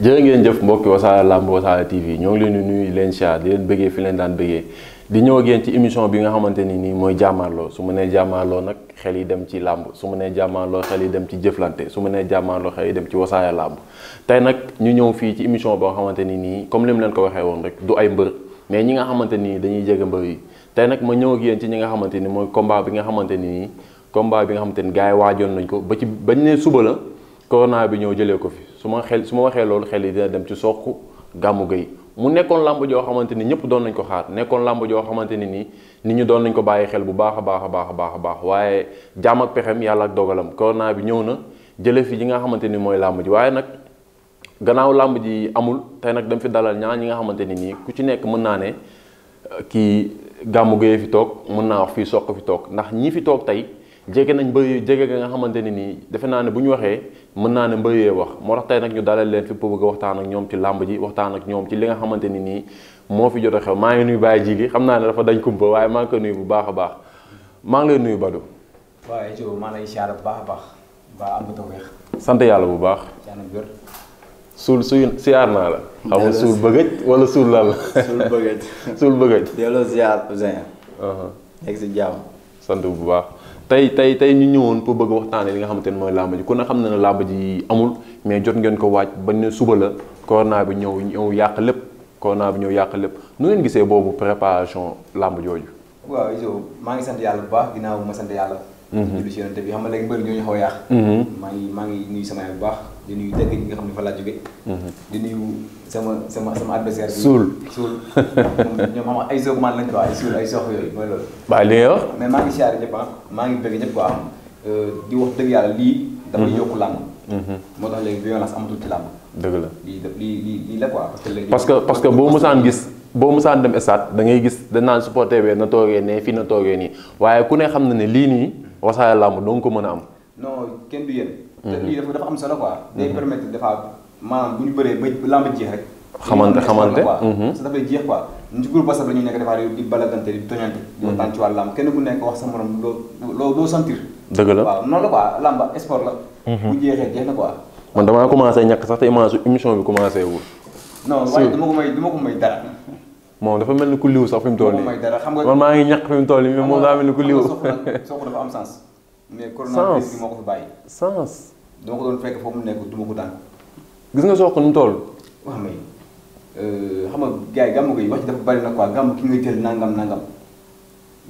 jërë ngeen jëf mbokki wasaare làmb wasaare TV ñoo ngi leen di nuyu leen siyaar di leen bëggee fi leen daan bëggee di ñëw ak ci émission bi nga xamante ni nii mooy jàmmaarloo su ma nee jàmmaarloo nag xel dem ci làmb su ma nee jàmmaarloo xel dem ci jëflante su ma nee jàmmaarloo dem ci wasaare làmb tey nag ñu ñëw fii ci émission boo xamante ni nii comme li mu leen ko waxee woon rek du ay mbër mais ñi nga xamante nii dañuy jege mbër yi tey nag ma ñëw ak yéen ci ñi nga xamante ni mooy combat bi nga xamante ni nii combat bi nga xamante ni gars yi waajoon nañ ko ba ci bañ ne suba la corona bi ñëw jëlee ko fi su ma xel su ma waxee loolu xel yi dina dem ci Sokh Gamou Gueye mu nekkoon làmb joo xamante ni ñëpp doon nañ ko xaar nekkoon làmb joo xamante ni nii nit ñi doon nañ ko bàyyi xel bu baax a baax a baax a baax a baax waaye jàmm ak pexem yàlla ak dogalam corona bi ñëw na jëlee fi yi nga xamante ni mooy làmb ji waaye nag gannaaw làmb ji amul tey nag dama fi dalal ñaar ñi nga xamante ni nii ku ci nekk mën naa ne kii Gamou Gueye fi toog mën naa wax fii Sokh fi toog ndax ñi fi toog tey jege nañ mbëy jege ga nga xamante ne nii defe naa ne bu ñu waxee mën naa ne mbëyee wax moo tax tey nag ñu dalal leen fi pour bëgg a waxtaan ak ñoom ci làmb ji waxtaan ak ñoom ci li nga xamante ni nii moo fi jot a xew maa ngi nuyu bàyyi ji xam naa ne dafa dañ kumpa waaye maa ngi ko bu baax a baax maa ngi lay nuyu Badou. waaye Diop maa lay siyaar baax a baax waa am sant yàlla bu baax. suul suy siyaar naa la. xam nga suul bëggëj wala suul lan la. suul bëggëj. suul bëggëj. delloo siyaar Ousseyn. Uh-huh. nekk si jàmm. sant bu baax. tey tey tey ñu ñëwoon pour bëgg waxtaanee li nga xamante ne mooy làmb ji ku ne xam na ne làmb ji amul mais jot ngeen ko waaj ba ne suba la corona bi ñëw ñëw yàq lépp corona bi ñëw yàq lépp nu leen gisee boobu préparation làmb jooju. waaw Iso maa ngi sant yàlla bu baax ginnaaw ma sant yàlla. Mhm. julli si yonent bi mhm. maa ngi maa ngi nuyu sama bu baax. di nuyu dëkk yi nga xam ne fa laa jóge mhm. di lañ ko ay suul ay ah, euh, dëgg yàlla lii. dafay mhm. yokk làmb. Mhm. la lii lii lii parce que parce que boo mosaan gis. boo musaan dem stade da ngay gis dañ naan supporter bi na toogee ne fii na toogee nii waaye ku ne xam na ne lii nii Wassare Lamb doo nga ko mën a am. non kenn du yéen. te mhm. lii dafa dafa am solo quoi. Mhm. day permettre bu ñu bëree ba làmb jeex rek. xamante xamante mhm. parce que dafay jeex quoi ñu ci groupe WhatsApp nekk dafaa di balagante di toñante di waxtaan ci nekk sa morom doo loo doo sentir dëgg la waaw noonu la quoi la bu jeexee jeex na quoi man damaa commencé ñàkk sax te image émission bi commencé wul non waaye dama ko may dama ko may dara moom dafa mel ni ku liw sax fi mu toll nii man maa ngi ñàkk fi mu toll nii mais moom daa mel ni ku liw mais coronavirus bi moo ko fi bàyyi. sens. dama ko doon fekk foofu mu nekk du ma ko daan. gis nga sox nu toll. waaw mais euh, xam nga gars yi gàmmu wax ci bari na quoi gàmm nangam nangam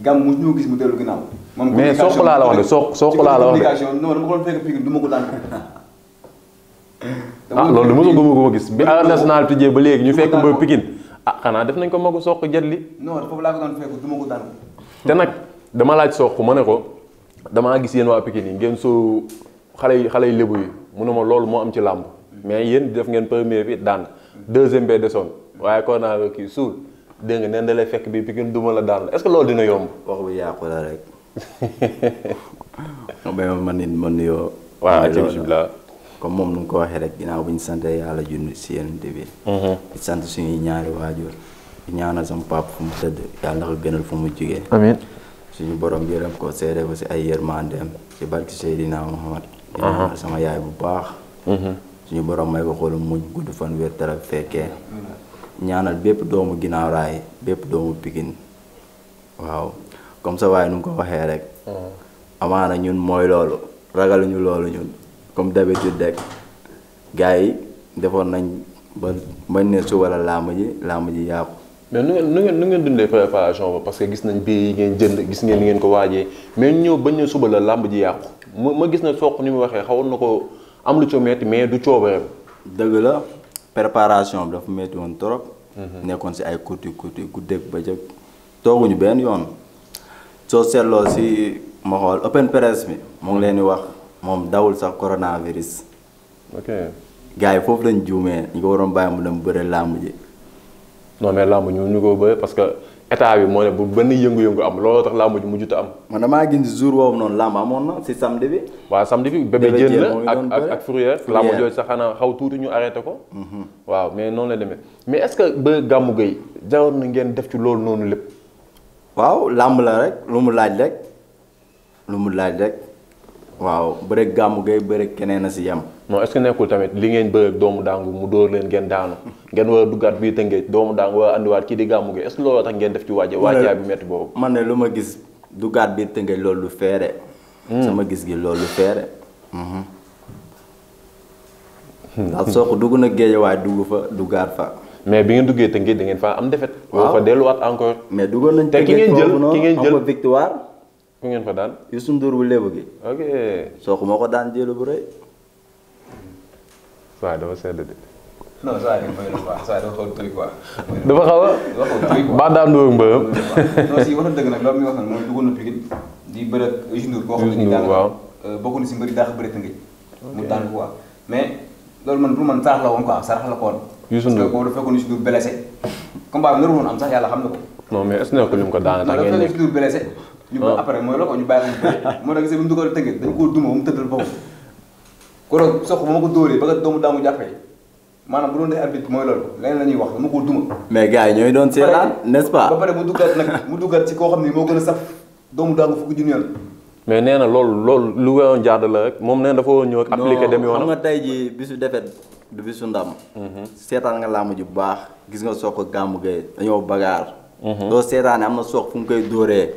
gàmm mu ñoo gis mu dellu ginnaaw. moom mais sox laa la wax de sox sox laa la wax de ko doon fekk du ko daan. ah loolu de mosoo gëmoo gis bi Arène Nationale tijjee ba léegi ñu fekk ba Pikine ah xanaa def nañ ko moo ko soq li. non foofu laa ko doon fekk du ma ko daan. te nag dama laaj soq ma ne ko damaa gis yéen waa Pikine yi ngeen soo xale yi xale yi lébu yi mu ne ma loolu moo am ci làmb mais yéen def ngeen premier bi daan deuxième bee desoon waaye kon naa kii suul dégg nga neen da lay fekk bi Pikine duma la daan la est-ce que loolu dina yomb. wax bu yàqu la rek. xam man nit ma nuyoo. waaw ci bisimilah comme moom nu mu ko waxee rek ginnaaw bi ñu sant yàlla junni si yéen bi. Mm-hmm. di sant suñuy ñaari waajur di ñaanal sama papa fu mu tëdd yàlla na gënal fu mu jugee. suñu borom yërëm ko seede ko si ay yërmandeem ci barki Seydina Muhammad di ñaanal sama yaay bu baax mhm. suñu borom may ko xoolu muñ gudd fan wér tara fekkee ñaanal bépp doomu ginnaaw raay bépp doomu pikin waaw comme ça waaye nu mu ko waxee rek mhm. amaana ñun mooy loolu ragaluñu loolu ñun comme d'habitude rek gars yi defoon nañ ba bañ ne suba la làmb ji làmb mais nu ngeen nu ngeen nu ngeen dundee préparation ba parce que gis nañ bii ngeen jënd gis ngeen li ngeen ko waajee mais ñëw bañ a suba làmb ji yàqu ma ma gis na soq ni mu waxee xawoon na ko am lu ci mais du coobareem. dëgg la préparation bi dafa metti woon trop. Mhm. nekkoon si ay kuti kuti guddeeg bëccëg tooguñu benn yoon soo seetloo si ma xool open press bi mu ngi leen di wax moom dawul sax coronavirus. ok gars yi foofu lañ juumee ñu ko waroon bàyyi mu dem bëri làmb ji. non lamb làmb ñu ñu ko ba parce que état bi moo ne bu benn yëngu-yëngu am looloo tax làmb ji mujjut a am. man damaa gis jour boobu noonu làmb amoon na si samedi bi. waaw samedi bi bébé jën la ak ak ak fourrière. làmb jooju sax xanaa xaw tuuti ñu arrêté ko. Mhm. waaw mais noonu la demee mais est-ce que ba Gamou Gueye jaroon na ngeen def ci loolu noonu lépp. waaw làmb la rek lu mu laaj rek lu mu laaj rek waaw bëre Gamou Gueye bëre keneen a si yem. non est nekkul tamit li ngeen bëgg doomu daangu mu dóor leen ngeen daanu ngeen war a duggaat biir tëngéej doomu daangu war a andiwaat kii di gàmmu gi est-ce que looloo tax ngeen def ci waaja waajaay bi metti man ne lu ma gis duggaat biir tëngéej loolu lu feere hmm. sama gis gi loolu lu hmm. Hmm. soo ko dugg na géej waaye dugg fa duggaat fa mais bi ngeen duggee tëngéej da ngeen faa am defet waaw delluwaat encore mais duggoon nañ te ki ngeen jël ki ngeen jël victoire ku ngeen fa daan Youssou Ndour bu lébu gi ok soo ko daan jëlu bu rëy waaw dafa sedd de. non saa yi mooy lu baax saa yi dafa xaw a tuy quoi. dafa xaw a. dafa xaw a tuy quoi baax daa ndóog mbërëm. non si waxoon dëgg nag loolu mi nga xam ne mooy duggoon na Pikine di bëre ak Youssou Ndour. Youssou Ndour waaw euh, bokk na si mbëri daax bëri tëngëj. mu daan ko quoi mais loolu man pour man sarax la woon quoi sarax la ko woon. Youssou Ndour parce que boobu dafa fekkoon Youssou Ndour blessé. combat bi naroon am sax yàlla xam na ko. non mais est ce que nekkul ñu mu ko daan tax ngeen nekk. non dafa fekkoon Youssou Ndour blessé. ñu ah. après mooy la ko ñu bàyyi ko mu bëri moo tax gis nga bi mu dugal tëngëj dañ koo duma ba mu tëddal boppam koro sox bu ma ko dóoree ba nga la ñuy wax dama ko yi ñooy doon seetaan n'est-ce pas. ba pare mu duggaat nag mu duggaat a mais nee na loolu loolu lu weyoon jaadu la rek moom na dafa woon ñëw ak appliqué dem yoonam xam nga tey jii bisu defet du bisu ndam. Mhm. seetaan nga làmb ji bu baax gis nga sox ak gàmmu gay dañoo bagaar. Mhm. doo seetaane am na sox fu mu koy dóoree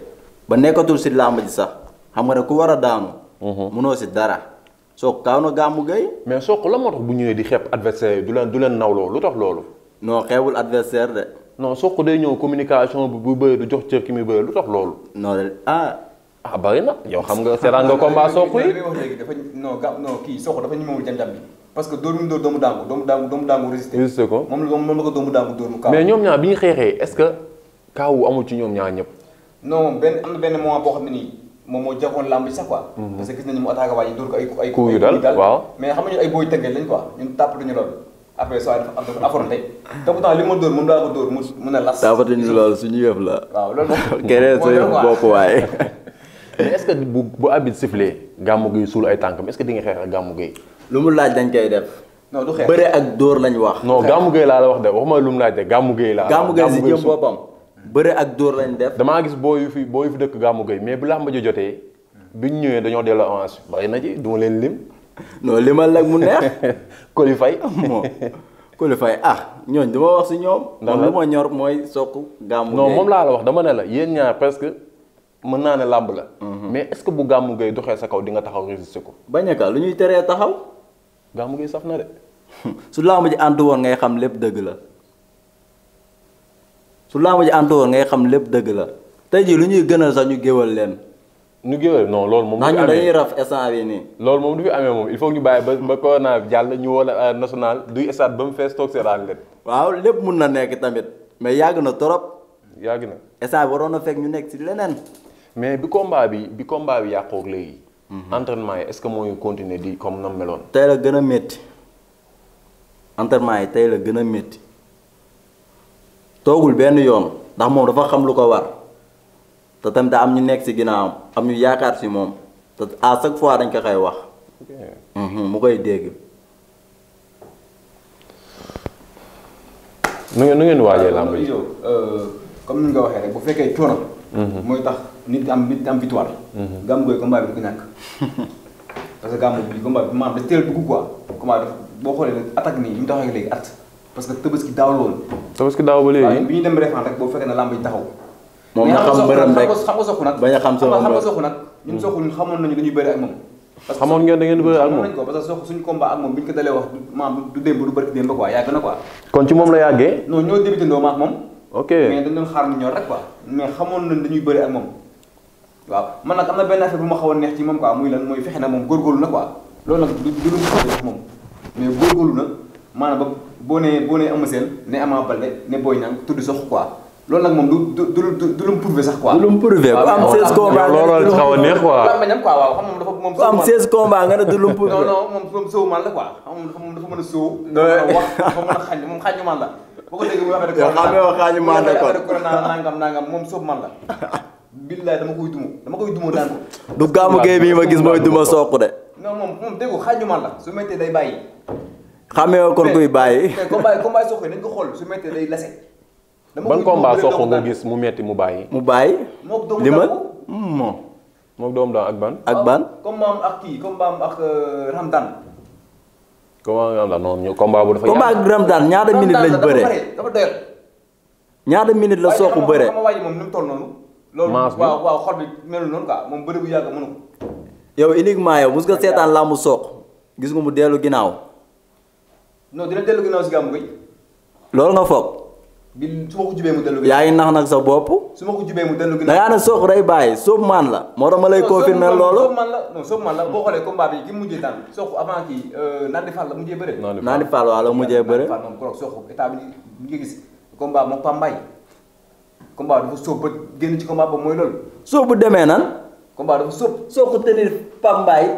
ba nekkatul si làmb ji sax xam nga ne ku war a daanu. Mhm. munoo si dara sook kaaw na gàmmu gay mais sook la moo tax bu ñëwee di xeeb adversaire yi du leen du leen nawloo lu tax loolu. non xeebul adversaire de. non sook day ñëw communication bu bëri du jox cër ki muy bëri lu tax loolu. noo de ah. ah na yow xam nga seetaan nga combat sook yi. dafa non ga non sook dafa ñemewul bi parce que dóor mu dóor doomu daangu doomu daangu doomu daangu résisté. ko moom la moom la ko doomu daangu dóor mu kaaw. mais ñoom ñaar bi ñu xeexee est-ce que kaawu amul ci ñoom ñaar ñëpp. non benn xam ne nii moom moo joxoon làmb ci sax quoi. Mhm. parce que gis nañu mu attaqué waa ji dóor ko ay. ay coups yu dal waaw mais xam nga ay booy tënkee lañ quoi ñun tàppatuñu loolu. après soo dafa am dafa affronté te pourtant li ma dóor moom daa ko dóor mu mun a las. tàppatuñu loolu suñu yëf la. waaw loolu moom keneen sa yëf bopp waaye. mais est ce que bu bu arbitre sifflé gàmmu gi suul ay tànkam est ce que di nga xeex ak gàmmu gi. lu mu laaj dañ koy def. non du xeex bëre ak dóor lañ wax. non gàmmu gi laa la wax de waxuma lu mu laaj de gàmmu gi laa. gàmmu gi si jëm boppam bëre ak dóor lañ def. damaa gis boo yu fi boo yu fi dëkk gàmmu gay mais bu làmb ji jotee ñu ñëwee dañoo delloo avance bari na ci duma leen lim. non limal nag mu neex. qualifié moo qualifié ah ñooñ dama wax si ñoom. ndax lu ma ñor mooy soq. gàmmu non moom laa la wax dama ne la yéen ñaar presque mën naa ne làmb la. Mhm. mais est-ce que bu gàmmu gay doxee sa kaw di nga taxaw résister ko. bañ a lu ñuy teree taxaw. gàmmu gay saf na de. su làmb ji ànd woon ngay xam lépp dëgg la. su làmb ji entouré ngay xam lépp dëgg la tey jii lu ñuy gënal sax ñu géwal leen. ñu géwal non loolu moom. du fi amee moom du fi amee il faut ñu bàyyi ba ba corona jàll ñu wala euh, national duy stade ba mu fees toog seetaan leen. waaw lépp mun na nekk tamit mais yàgg na trop. yàgg na instant bi waroon na fekk ñu nekk si leneen. mais bi combat bi bi combat bi yàqoog léegi. Mhm. entraînement yi est-ce que moo ngi continuer di comme nam meloon. tey la gën a métti entraînement yi tey la gën a métti. toogul benn yoon ndax moom dafa xam lu ko war te tamit am ñu nekk si ginnaawam am ñu yaakaar si moom te à chaque fois dañ ko koy wax. Mhm, mu koy dégg. nu ngeen nu ngeen waajee làmb yi euh, comme ni nga ko waxee rek bu fekkee coono. Mhm. mooy tax nit am nit am victoire. Mhm. gàmm gooy bi du ko ñàkk. parce que gàmm bi combat bi maanaam dafa teel dugg quoi combat boo xoolee attaque nii ñu taxawee léegi at. parce que tabaski daaw la woon. tabaski daaw ba léegi bi ñu dem refan rek boo fekkee ne lamb yi taxaw. moom nga xam mbërëm rek xam nga soxu nag. bañ a xam sa xam nga soxu nag. ñun soxu ñun xamoon nañu dañuy bëri ak moom. parce que xamoon ngeen da ngeen bëri ak moom ko parce que suñu combat ak moom bi ñu ko dalee wax maam du démb du barki démb quoi yàgg na quoi. kon ci moom la yàggee. non ñoo débuté ndoo ma ak moom. ok mais dañ doon xaar ñor rek quoi mais xamoon nañ dañuy bëri ak moom waaw man nag am na benn affaire bu ma xaw a neex ci moom quoi muy lan mooy fexe na moom góorgóorlu na quoi loolu nag du du lu moom mais góorgóorlu na maanaam ba boo nee boo nee Eumeu Sène ne Ama Baldé ne Boy Niang tudd sax quoi loolu nag moom du du du du lu mu prouvé sax quoi. du lu mu prouvé ku am 16 combats looloo xaw a neex quoi. waaw xam moom dafa moom. ku am 16 combats nga ne du lu mu prouvé. non non moom moom soowu man la quoi xam moom dafa mën a soow. Eh. wax dafa mën a xañ moom xañu man la. boo ko déggee bu waxee rek. yow xam nga xañu man la kon nangam nangam moom soowu man la. billaay dama koy duma dama koy duma daan ko. du gàmmu gee bii ma gis mooy duma soq de. non moom moom déggu xañu man la su méttee day bàyyi xamee kon kuy bàyyi. mais combat combat ko xool su méttee day lase. ban combat soxla gis mu metti mu bàyyi. mu bàyyi. li ma moom. moom doomu daan ak ban. ak ban combat am ak kii combat am ak euh, Ramdan. combat am Ramdan non ñu combat bu dafa. combat ak Ramdan ñaata minute lañ bëree. ñaata minute la soog a bëree. moom ni mu toll noonu. loolu waaw waaw bi melul noonu quoi moom bëri bu yàgg mënu ko. yow uniquement yow mos nga seetaan làmb soog gis nga mu dellu ginnaaw. non dina dellu ginnaaw si gàmmu gi. loolu nga foog. bi su ma ko jubee mu dellu ginnaaw. yaa ngi nax nag sa bopp. su ma ko jubee mu dellu gi da ngaa ne Sokh day bàyyi Sokh man la. moo tax ma lay confirmer loolu. Sokh man boo xoolee combat bi ki mu mujjee daan Sokh avant euh, la mujjee bëre. Nandi Fall waaw la mujjee bëre. Nandi Fall moom koroog Sokh gis combat moom Pambaay combat dafa sóob ba génn ci combat boobu mooy loolu. sóob bu demee nan. combat dafa sóob. Sokh tenir Pambaay.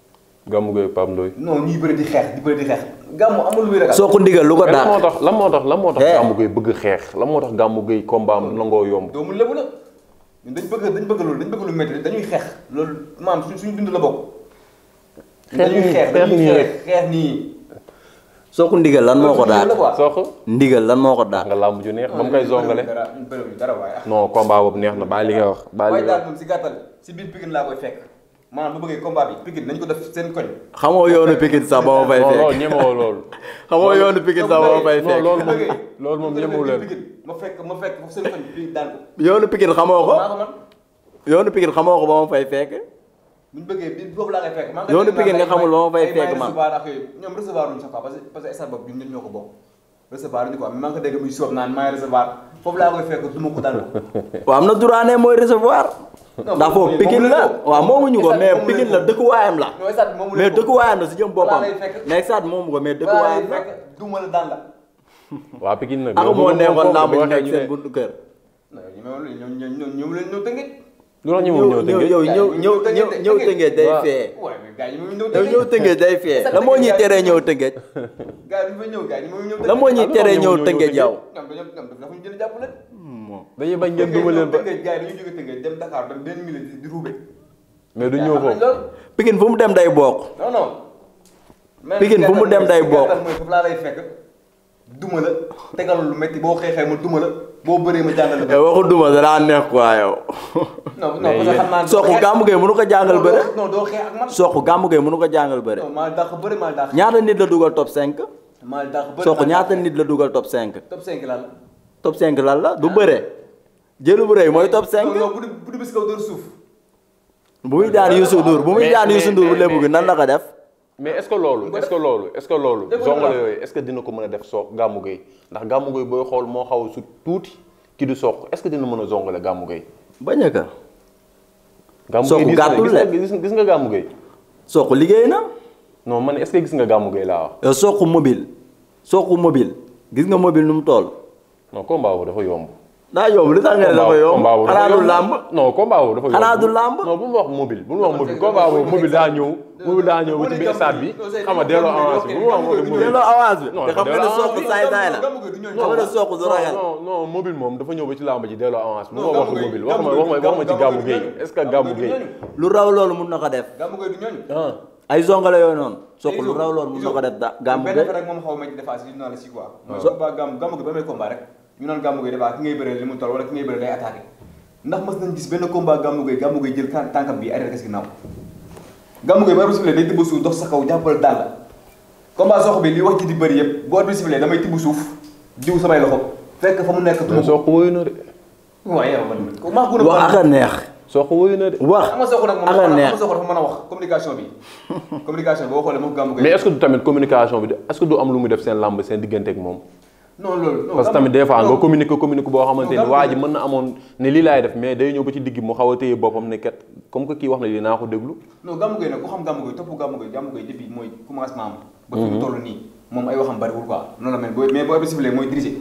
Gamou Gueye Pape Ndoye. non ñuy bëri di xeex di bëri di xeex. Gamou amul luy ragal. ko ndigal lu ko daan lan moo tax moo tax lan moo tax. Eh. bëgg xeex lan moo tax Gamou Gueye combat am nangoo yomb. doomu lebu la ñun dañ xeex loolu maam la bokk. dañuy xeex soo ko ndigal lan moo ko daan soo ko ndigal lan moo ko daan. nga làmb ju neex ba mu koy zongale. Ah, non combat neex na bàyyi li nga wax. bàyyi li nga wax si gàttal si biir Pikine laa koy fekk maanaam bu bëggee combat bi Pikine nañ ko def seen koñ. xamoo yoonu Pikine sax ba ma fay fekk yoonu Pikine xamoo ko ba ma fay fekk. yoonu Pikine nga xamul ba ma fay fekk man ñoom sax parce que parce ñu ko dégg muy naan maa ngi recevoir foofu laa koy fekk du ma ko dal. waaw am na duraane mooy recevoir ndax foofu Pikine la waaw moomuñu ko mais Pikine la dëkkuwaayam la mais dëkkuwaayam la si jëm boppam mais stade moomu ko mais dëkkuwaayam la duuma la daan la a Pikine nag ak moo neexoon laa mu nekk seen buntu kër ñoom ñoom ñoom leen ñoo tënkit lu tax ñëwul ñëw tënkee yow ñëw ñëw ñëw ñëw tënkee day fee. waaw ñëw tënkee day fee. la moo ñuy teree ñëw tënkee. la moo ñuy teree ñëw tënkee jaww. dañuy bañ ngeen dugal leen ba. mais du ñëw foofu. Pikine fu mu dem day bokk. non non. Pikine fu mu dem day bokk. duma la tegal lu metti boo xeexee ma duma la. boo bëree ma jàngal la. Eh, waxu duma mënu ko jàngal bëre. non doo soq gàmmu gay mënu ko jàngal bëre. non maa dàq bëre ñaata nit la dugal top 5. maa dàq bëre soq ñaata nit la dugal top 5. top 5 lan la. la du ah. bëre. jëlu bu rëy mooy top 5. bu du bis kaw suuf. bu muy daan Youssou Ndour bu muy daan Youssou Ndour lébu bi nan la ko def. mais est-ce que loolu est-ce que loolu est yooyu est dina ko mën a def soo gàmmu gay ndax gàmmu gay booy xool moo xaw a su tuuti kii du soq est-ce que dina mën a zongale gàmmu gay bañ a ka gàmmu gay gis nga gàmmu gay soq liggéey na non man est-ce gis nga gàmmu gay laa wax soq mobile soq mobile gis nga mobile nu mu toll non combat bu dafa yomb daa yomb li tax nga ne dafa yomb xanaa du làmb non combat boobu dafa yomb xanaa du làmb non bu mu wax mobile bu mu wax mobile combat boobu mobile daa ñëw mobile daa ñëw ci biir stade bi xam nga delloo avance bi bu mu wax mobile delloo avance bi te xam nga ne sook saay saay la xam nga ne sook du ragal non non mobile moom dafa ñëw ba ci làmb ji delloo avance bi bu ma wax mobile wax ma wax ma wax ma ci gàmmu géey est-ce que gàmmu géey lu raw loolu mun na ko def ay zongale yooyu noonu sook lu raw loolu mun na ko def gàmmu géey ñu naan Gamou Gueye dafa ki ngay bëree li mu toll wala ki ngay bëree day attaqué ndax mës nañ gis benn combat Gamou Gueye Gamou Gueye jël tànkam bi arrêté si ginnaaw Gamou Gueye ba arbitre sifflé sa kaw jàppal daal la combat bi li wax ji di bëri yëpp bu arbitre sifflé damay tibb suuf jiw samay loxo fekk fa mu nekk duma soq woyu na de waaye yow man wax ak a neex soq woyu na de wax am nga soq nag a wax communication bi communication boo xoolee moom mais est du tamit communication bi est-ce du am lu mu def seen làmb seen diggante ak moom loolu parce que tamit des fois nga communiqué communiqué boo xamante ni waa ji mën na amoon ne lii laay def mais day ñëw ba ci digg mu xaw a boppam ne comme que kii wax na lii naa ko déglu non gàmmu nag ku xam gàmmu topp gàmmu gay gàmmu mooy commencement am ba fi mu mhm. toll nii moom ay waxam bariwul quoi noonu la mel mais bu arbitre sifflé mooy diriger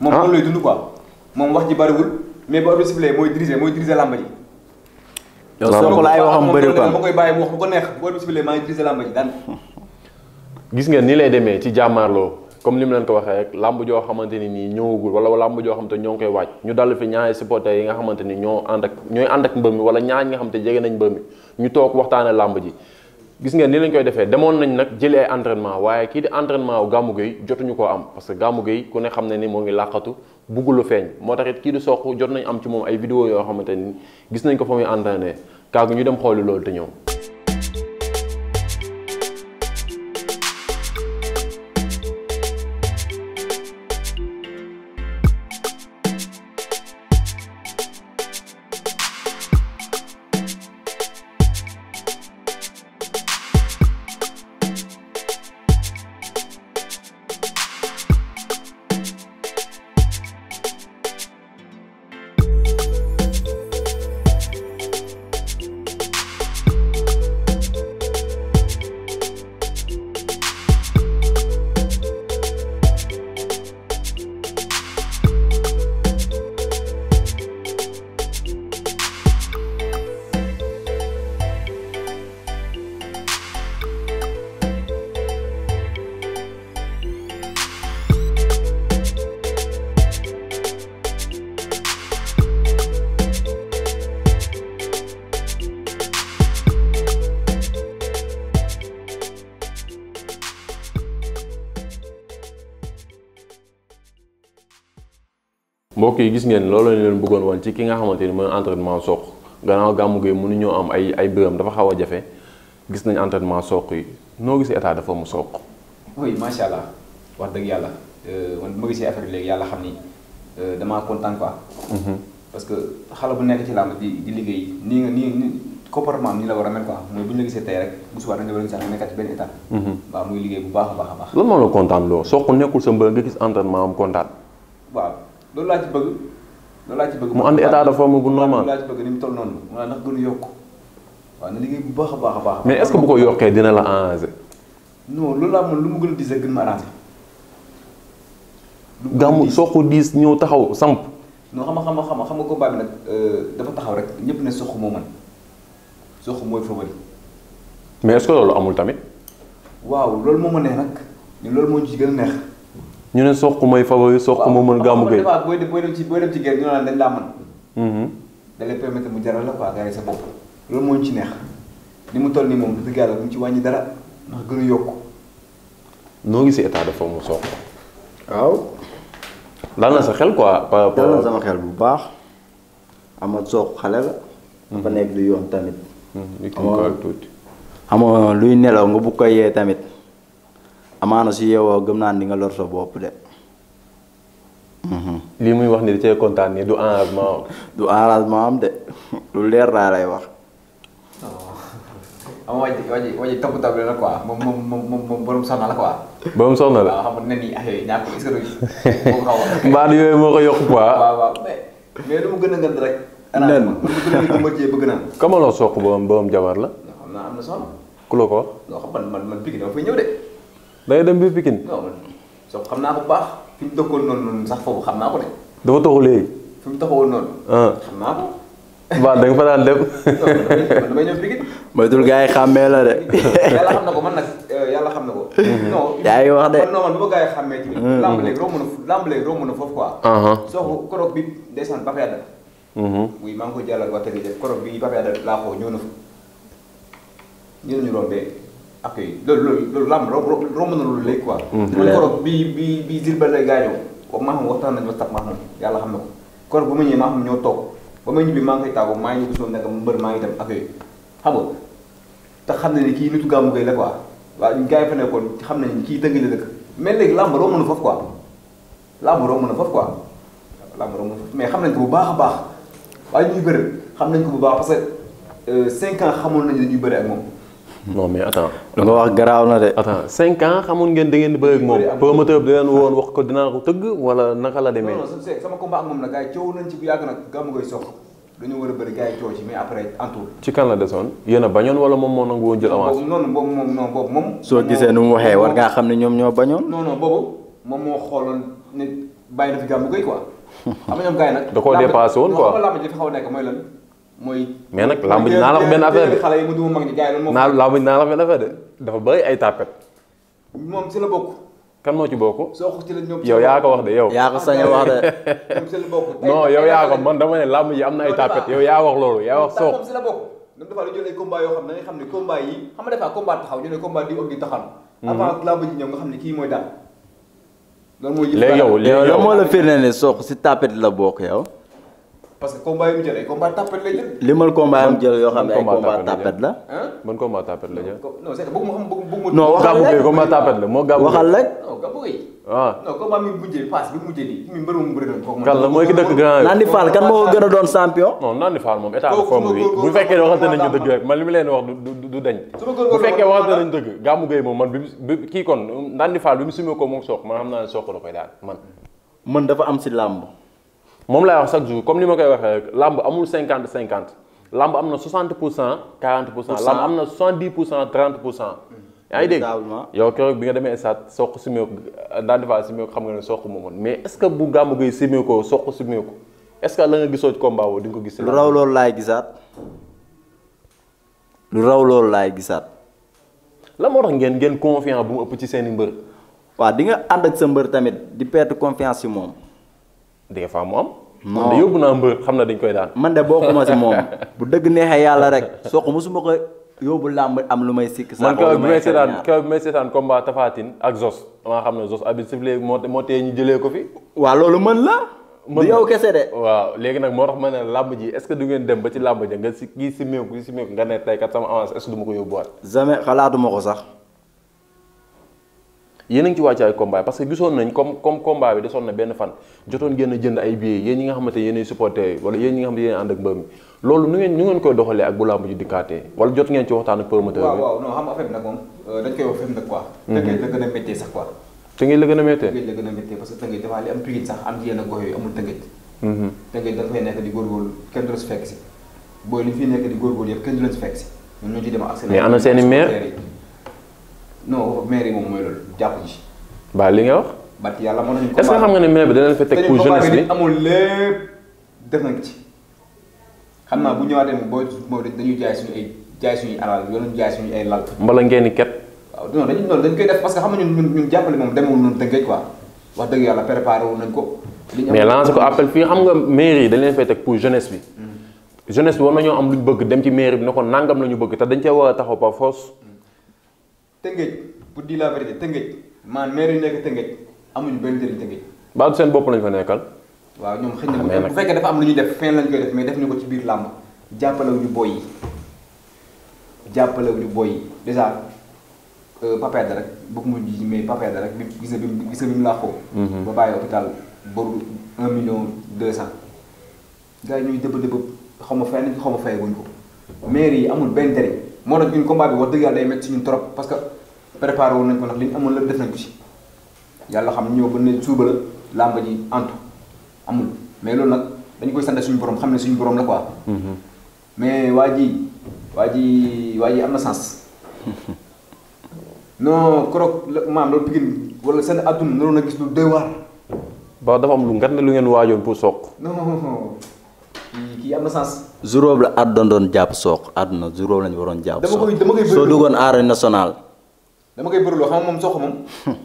moom ah. loolu lay dund quoi moom wax ji bariwul mais bu arbitre sifflé mooy diriger mooy diriger làmb ji yow soo ko la ay waxam bari quoi ma koy bàyyi wax bu ko neex bu arbitre sifflé maa n diriger làmb ji gis ngeen ni lay demee ci jàmmaarloo comme ni mu leen ko waxee rek làmb joo xamante ni nii ñëwagul wala làmb joo xam xamante ñoo ngi koy waaj ñu dal fi ñaari supporters yi nga xamante ni ñoo ànd ak ñooy ànd ak mbër mi wala ñaar ñi nga xamante jege nañ mbër mi ñu toog waxtaane làmb ji gis ngeen ni lañ koy defee demoon nañ nag jëli ay entraînement waaye kii di entraînement wu Gamou Gueye jotuñu koo am parce que Gamou Gueye ku ne xam ne ni moo ngi làqatu buggulu feeñ moo tax it kii di soq jot nañ am ci moom ay vidéo yoo xamante ni gis nañ ko fa muy entraîné ñu dem xooli loolu te ñëw mbokk yi gis ngeen loolu leen bëggoon woon ci ki nga xamante ni mooy entraînement soq gannaaw gàmmu gi ñoo am ay ay bërëm dafa xaw a jafe gis nañ entraînement soq yi noo gisee état dafa mu soq. macha allah wax dëgg yàlla euh, man bu ma gisee affaire bi léegi yàlla xam ni euh, damaa kontaan quoi. Mhm. parce que xale bu nekk ci làmb liggéey nii nga nii nii comportement nii la war a mel quoi mooy bu ñu la a gis nekkat mhm. bu baax a baax a baax. lan moo la kontaan lool soq nekkul sa mbër nga gis entraînement am kontaan. waaw. loolu laa ci bëgg. loolu laa ci bëgg mu ànd état de forme bu normal. loolu mu toll noonu waaw ndax gën yokk waaw na liggéey bu baax a baax a baax. mais est-ce bu ko yokkee dina la arranger. non loolu laa man lu mu gën a diis gën ma lu mu gën a diis ñëw taxaw samp. non xam nga xam xam xam nga combat bi nag euh, dafa taxaw rek ñëpp ne soxu moo man soxu mooy favori. mais est loolu amul tamit. waaw loolu moo ma neex nag loolu moo ñu ci gën a neex. ñu ne soq mooy favori soq moo mën gàmmu gay waaw booy dem ci booy dem ci gerte ñu naan dañ laa mën. Mm-hmm. da lay mu jaral la quoi gare sa bopp loolu moo ñu ci neex ni mu toll nii moom dëgg yàlla bu ci wàññi dara ndax gën a yokk. noo gisee état de forme soq. waaw. daal na sa xel quoi. par rapport sama xel bu baax. ama soq xale la. dafa mm-hmm. nekk du yoon tamit. xam mm-hmm. nga luy nelaw nga bu ko yee tamit. amaana si yeewoo gëm naa ni nga lor sa bopp de. lii muy wax ni da cee kontaan ni du arrangement am. du arrangement am de lu leer laa lay wax. nga gën a ngënd rek. kamaloo soq borom borom jabar la. ku la ko loo xam man man man fii dama ñëw de. da ngay dem bi Pikine. non xam naa ko bu baax fi mu dëkkoon noonu sax foofu xam naa ko de. dafa toxu léegi. fi mu taxawoon noonu. Ah. xam naa ko. waaw da nga fa daan dem. damay ñëw Pikine. mooy dul gars yi xàmmee la de. yàlla xam na ko man nag euh, yàlla xam na ko. Mhm. non yaa ngi wax de man ma gars yi xàmmee tamit. Mhm. làmb léegi romb na làmb léegi romb uh-huh. soo ko korog bi ndeysaan ba bi mhm. de korog bi ba fay laa ko ñëw na fa ñëw nañu ok loolu loolu loolu làmb romb na loolu léegi quoi. Mm-hmm. dëgg korog bi bi bi Zilbal lay gaañoo wax maa xam waxtaan nañu ba sax maa xam yàlla xam na ko korog ba ma ñëwee maa xam ñoo toog ba ma ñibbi maa ngi koy tàggoo maa ngi gisoon nag mbër maa ngi dem ak yooyu xam nga te xam na ne kii nitu gàmmu gay la quoi waaw ñu gars yi fa nekkoon xam nañ kii dëgg la dëkk mais léegi làmb romb na foofu quoi làmb romb na foofu quoi làmb romb na foofu mais xam nañ ko bu baax a baax waaye ñuy bëri xam nañ ko bu baax parce que euh, cinq ans xamoon nañu dañuy bëri ak moom non mais attends. lu nga wax garaaw na de. attends cinq ans xamoon ngeen da ngeen di bëri ak moom promoteur bi da woon wax ko dinaa tëgg wala naka la demee. non non sama combat ak moom la nag a bëri ci mais après la desoon yéen a bañoon wala moom moo nangu woon jël avance. non boobu moom soo gisee nu mu waxee war ngaa xam ne ñoom ñoo bañoon. non non boobu moom moo xooloon ne bàyyi na fi gàmmu koy quoi. xam nga ñoom gars yi nag. da koo dépassé woon quoi mooy mais nag làmb ji naa la wax benn affaire de xale yi mu duma naa dafa bëri ay tàppet moom si la bokk kan moo ci bokk yow yaa ko wax de yow yaa ko sañ a wax de non yow yaa ko man dama ne làmb ji na ay tàppet yow yaa wax yaa wax soox si la bokk ñoom dafa jël taxaw ñu ne combat di ak di taxaw mhm. avant làmb ji ñëw nga moo la firnde ne soox si tàppet la bokk yow parce que combat yi mu jël ay combat tapet la li man combat am jël yoo xam ne ay combat jël. non c'est que bëgg ma xam bëgg ma. non waxal rek combat la moo gàmmu. waxal gi. waaw ah. non combat mi na mooy ki dëkk grand Nandi Fall kan moo gën a doon champion. non Nandi Fall moom état de forme bi bu fekkee waxante nañu dëgg rek man li mu leen wax du du dañ. bu fekkee waxante nañu dëgg gàmmu gi moom man bi kii kon Nandi Fall bi mu sumee ko moom soq man xam naa ne soq daal man. man dafa am si làmb moom laay wax chaque jour comme ni ma koy waxee làmb amul cinquante cinquante làmb am na soixante pour cent quarante pour cent làmb am na soixante dix pour cent trente pour cent yaa ngi dégg yow keroog bi nga demee stade soq simee ko Dande Fall simee ko xam nga ne soq moomoon mais est-ce que bu gàmmu gay simee ko soq simee ko est-ce que la nga gisoo ci combat di nga ko gis. lu raw loolu laay gisaat lu raw loolu laay gisaat. la moo tax ngeen ngeen confiant bu mu ëpp ci seen i mbër. waaw di nga ànd ak sa mbër tamit di perte confiance ci fois mu am. man de yóbbu naa mbër xam na dañ koy daan. man de bokkuma si moom bu dëgg neexee yàlla rek soo ko mosuma ko yóbbu làmb am lu may sikk. sax man kaw bi may seetaan kaw bi may ak Zos. maa xam ne Zos abi sifle moo moo tee ñu jëlee ko fi. waa loolu mën la. mën yow kese de. waaw léegi nag moo tax ma ne làmb ji est du ngeen dem ba ci làmb ja nga si kii si meeku si meeku nga ne tey kat sama avance est-ce ko yóbbuwaat. jamais xalaatuma ko sax. yéen a ngi ci wàccaay parce que gisoon nañ comme comme combat bi desoon na benn fan jotoon ngeen a jënd ay billets yéen ñi nga xamante yéen ñi nga xam ne yéen ak mbër am Pikine sax am mhm. di seen mais non maire yi moom mooy loolu jàpp ci. ba li nga wax. bat yàlla moo tax est-ce que xam nga ne maire bi danañ fa teg pour jeunesse bi amul lépp def nañ ci. xam naa bu ñëwaatee booy booy dañuy jaay suñu ay jaay suñu alal yoonu jaay suñu ay lal. mbala ngeen ket. waaw non dañu loolu dañ koy def parce que xam nga jàppale moom demewul noonu tënkee quoi wax dëgg yàlla préparé wu nañ ko. mais lancé ko appel fii xam nga mairie yi dañ leen fay teg pour jeunesse bi. Mm. jeunesse bi war nañoo am lu ñu bëgg dem ci mairie bi ne ko nangam la ñu bëgg te dañ cee war a taxaw par force Tëngéej bu dire la vérité Tëngéej man maire yi nekk Tëngéej amuñu benn njëriñ ba baatu seen bopp lañ fa nekkal. waaw ñoom xëy na ah, bu fekkee dafa am lu ñuy def fen lañ koy def mais def ñu ko ci biir làmb jàppalewuñu boy yi jàppalewuñu boy yi déjà euh, papier da rek bëgg mu ji mais papier da rek bi gis na bi gis na bi mu làqoo. Mhm. ba bàyyi hôpital boru 1 million 200. gars yi ñuy dëbb dëbb xaw ma fay nañ xaw ko maire yi amul benn njëriñ. moo tax ñun combat bi wax dëgg yàlla day métti ci ñun trop parce que préparé woon nañ ko ndax li ñu amoon lépp def nañ ko ci yàlla xam ñëw ko ne suuba la làmb ji antu amul mais loolu nag dañu koy sant suñu boroom xam ne suñu borom la quoi. Mhm. mais waa ji waa ji waa ji am na sens. non Korok la maam loolu Pikine wala seen àdduna naroon a gis lu doy ba dafa am lu ngan ne lu ngeen waajoon pour soq. kii am na sens. juróom la àdduna doon jàpp sook àdduna juróom lañu waroon jàpp. dama koy dama koy soo duggoon arène nationale. dama koy bëriloo xam nga moom sox moom.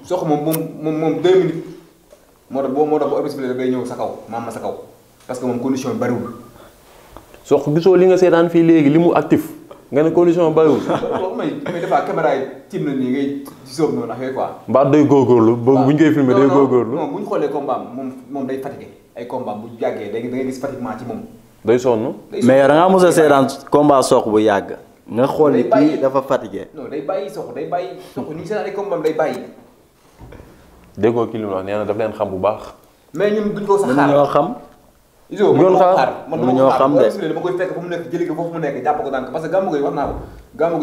sox moom moom moom deux minutes moo tax boo moo tax boo ñëw sa kaw maam ma sa kaw parce que moom condition bi bëriwul. sox li nga seetaan fii léegi li mu actif nga ne condition bëriwul. mais mais des fois caméra yi tiim na nii ngay gisoo noonu affaire day góorgóorlu. bu ñu xoolee combat moom day fatigué. ay combat bu yàggee léegi da ngay gis pratiquement ci moom. day sonn mais da ngaa mos a seetaan combat soq bu yàgg. nga xool ni kii dafa fatigué. non day bàyyi soq day bàyyi soq ñu seen ay combat day bàyyi. déggoo kii li mu wax nee na daf leen xam bu baax. mais ñun duñ ko sax xaar ñoo xam. iso mën ñoo xaar mën ñoo xam de. dama koy mu nekk jàpp ko daan parce que gàmmu gay wax naa ko gàmmu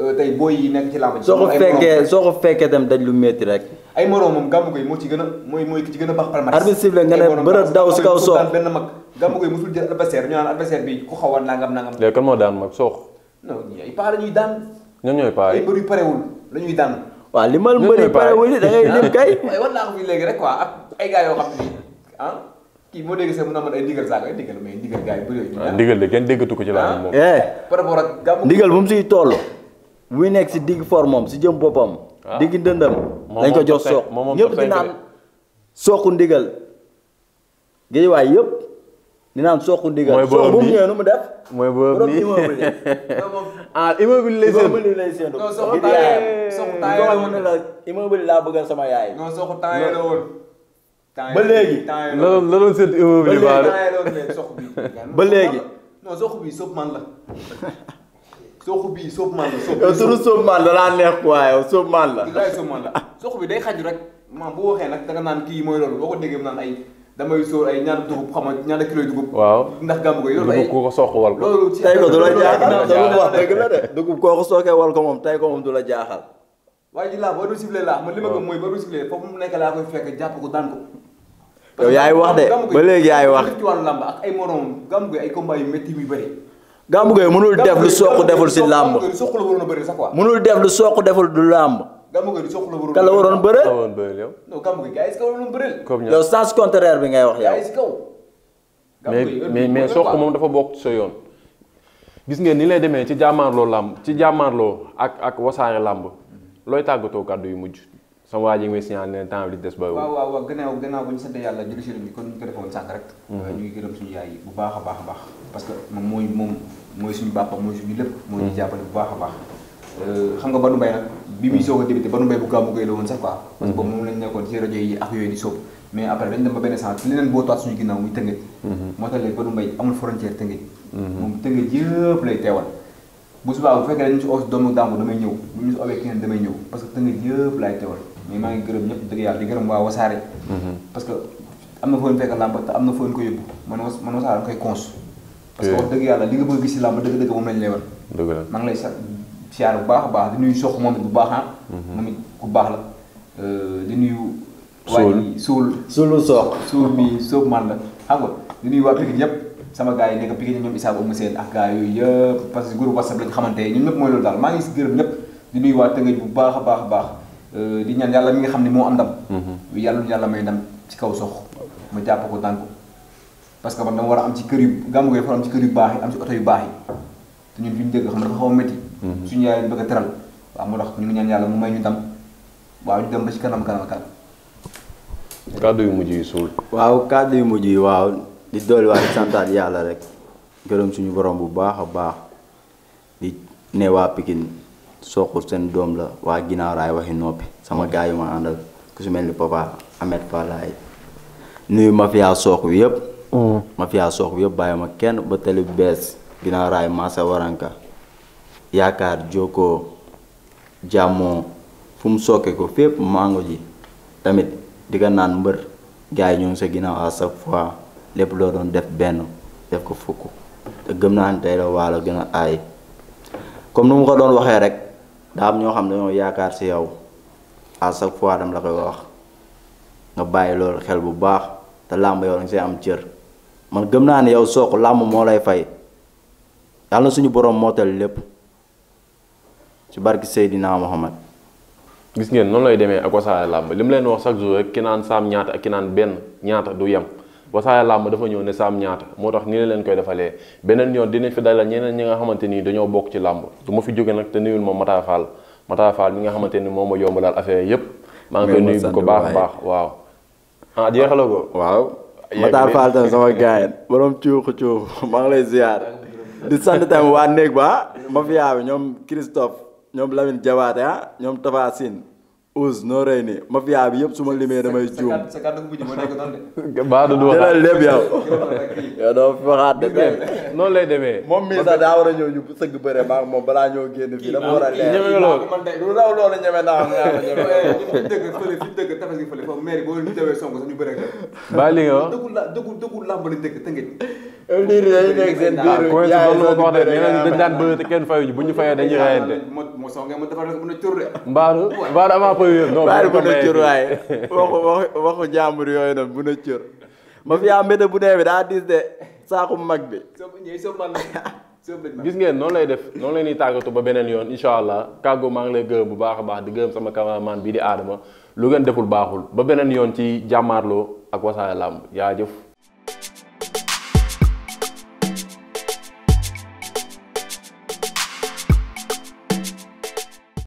Euh, tey booy yi nekk ci làmb ji. soo ko fekkee soo ko fekkee tam daj lu metti rek. ay moroomam gàmmu koy moo ci gën a mooy mooy ki ci gën a baax palmarès. arbitre siffle nga ne bërëb daw si kaw soox benn mag a nangam nangam. daan mag soox. non ñii ay la ñuy daan. ñoom waaw li mal mbër yu parewul da ngay lim léegi rek quoi ak ay gars yoo xam ah, kii moo dégg sax mun naa ay ndigal saako ay ndigal mais ndigal gars yi bëri ah, ndigal de kenn déggatu ko ci ah, laa moom eh, par ndigal bu mu siy toll muy nekk si digg for moom si jëm boppam. Ah. digg ndëndam. dañ ko jox soq ñëpp di naan ndigal. géej waay yëpp di naan soqu ndigal. mooy boobu mu ñëwee nu mu def. mooy boobu bi immobile ah, laa bëggal sama yaay. non soxu taayee la woon. ba léegi la doon la immobile ba léegi ba léegi. sooxu bii soobu maan la. soobu turu soobu la laa neex quoi yow soobu maan la. Ibrahima soobu maan la sooxu bi day xaju rek maam bu waxee nag danga naan kii mooy loolu boo ko déggee mu naan ay damay sóor ay ñaar dugub xam nga ñaar kilo dugub. waaw ndax gàmmu ko yow ay dugub koo ko sooke wal ko. loolu ci tey ko du la ko moom tey ko moom du la jaaxal. waaye ji laa ba du siflee laa man li ma ko mooy ba du siflee mu nekk laa koy fekk jàpp ko daan ko yow yaay wax de ba léegi yaay wax ci wàllu làmb ak ay moroom gàmm gi ay combat yu métti yu bëri Gamou Gueye mënul def lu Sokh deful si làmb. mënul def lu Sokh deful du làmb. Gamou Gueye du la waroon bëre. la waroon bëre yow. non Gamou Gueye gars yi yow sens contraire bi ngay wax yow. mais mais mais Sokh moom dafa bokk sa yoon. gis ngeen ni lay demee ci jàmmaarloo làmb ci jàmmaarloo ak ak wasaare làmb looy tàggatoo kàddu yu mujj. sama waa ji ngi may signal ne temps a baax a baax. parce que moom mooy moom mooy baax a baax. xam a débuté Badou Mbaye bu gàmmu gay la woon sax quoi. parce que dañ dem ba benn sens leneen boo suñu ginnaaw muy tëngëj. moom tëngëj yëpp lay teewal. bu subaa bu fekkee dañu si os doomu dàmbu damay ñëw bu ñu si obee keneen damay ñëw parce que tëngëj yëpp lay teewal mais maa ngi gërëm ñëpp dëgg yàlla di gërëm waa wasaare mm-hmm. parce que am na foofu fekk làmb te am na foofu ko yóbbu man was man wasaare koy cons parce que wax dëgg yàlla li nga bëgg gis si làmb dëgg-dëgg moom lañ lay wan dëgg la maa ngi lay siyaar bu baax a baax di nuyu sox moom bu baax ah mm-hmm. moom it baax la euh, di nuyu waaye suul suulu soox suul bi soob man la xam nga di nuyu waa Pikine yi nekk Pikine ñoom Issa Oumou Sène ak gars ñëpp mooy loolu daal si gërëm ñëpp di nuyu waa Tëngéej bu baax a baax a baax Euh, di ñaan yàlla mi nga xam ne moo am ndam. Mhm. yàlla yàlla may dam ci kaw sox ma jàpp ko tànk parce que man dama war a am ci kër yu gàmmu gi dafa ci kër yu baax yi am ci oto yu baax yi te ñun fi ñu xam ne dafa xaw a métti. Mhm. suñu yaay bëgg a teral waaw moo tax ñu ngi ñaan yàlla mu may ñu ndam waaw ñu dem ba ci kanam kanam kanam. kàddu yu mujj yi suul. waaw kàddu yu mujj yi waaw di dool waa di santaat yàlla rek gërëm suñu borom bu baax a baax di ne waa soxor seen doom la waa ginaaraay waxi noppi sama gars yu ma àndal ku si mel ni papa Ahmed Falaye nuyu mafia sook bi yëpp. Mm. mafia soox bi yëpp bàyyi ma kenn ba tali bees ginaaraay Massa Waranka yaakaar jokkoo jàmmoo fu mu sooke ko fépp mango ji tamit di nga naan mbër gars yi ñoom sa ginnaaw à chaque fois lépp loo doon def benn def ko fukk te gëm naa ne tey la waalo gën a aay comme nu mu ko doon waxee rek. daa ñoo xam ne ñoo yaakaar si yow à chaque fois dama la wax nga bàyyi loolu xel bu baax te làmb yow da nga am cër man gëm naa ne yow Sokh làmb moo lay fay yàlla suñu borom mooteel lépp ci barki Seydina Mohamed. gis ngeen noonu lay demee ak wasaare làmb li mu leen wax chaque jour ak ki naan saam ñaata ak ki naan benn ñaata du yem. Wassare Lamb dafa ñëw ne saam ñaata moo tax nii la leen koy defalee beneen yoon dina fi dalal ñeneen ñi nga xamante nii dañoo bokk ci làmb du ma fi jóge nag te nuyul ma Matar Fall Matar Fall mi nga xamante ni moom ma yombalal affaire yépp maa ngi koy bu baax a baax waaw ah, ah, jeexala ko waaw Matar Fall tam sama gaay borom cuuxu cuuxu maa ngi lay ziar di sant tam waa néeg ba ma fi ñoom Christophe ñoom Lamine Jabaate ah ñoom Tafa Sine Ousse Noreyni mafia bi yëpp su ma limee damay juum sa kàddu bu ma dégg noonu de. Baadu du waxaat lépp yow. yow doo fi waxaat de noonu lay demee. moom mii daa war a ñëw ñu sëgg bëre maa moom balaa ñëw génn fii dafa war a leer. ñeme de lu ñu dawee sonko sax ñu baa li nga wax la dëggu dëggu liir yooyu nekk seen biir bu ñu fayee dañuy rayante mo songé mu defal mu ne tur de mbaaru mbaaru waxu jàmbur yooyu noonu bu ne tur ma fi yaa mbéte bu nee bi daa diis de saaku mag bi gis ngeen noonu lay def noonu lay ñuy tàggatu ba beneen yoon incha allah kàggu maa ngi lay gërëm bu baax a baax di gërëm sama cameraman bii di aadama lu ngeen deful baaxul ba beneen yoon ci jàmmaarloo ak Wassare Lamb yaa jëf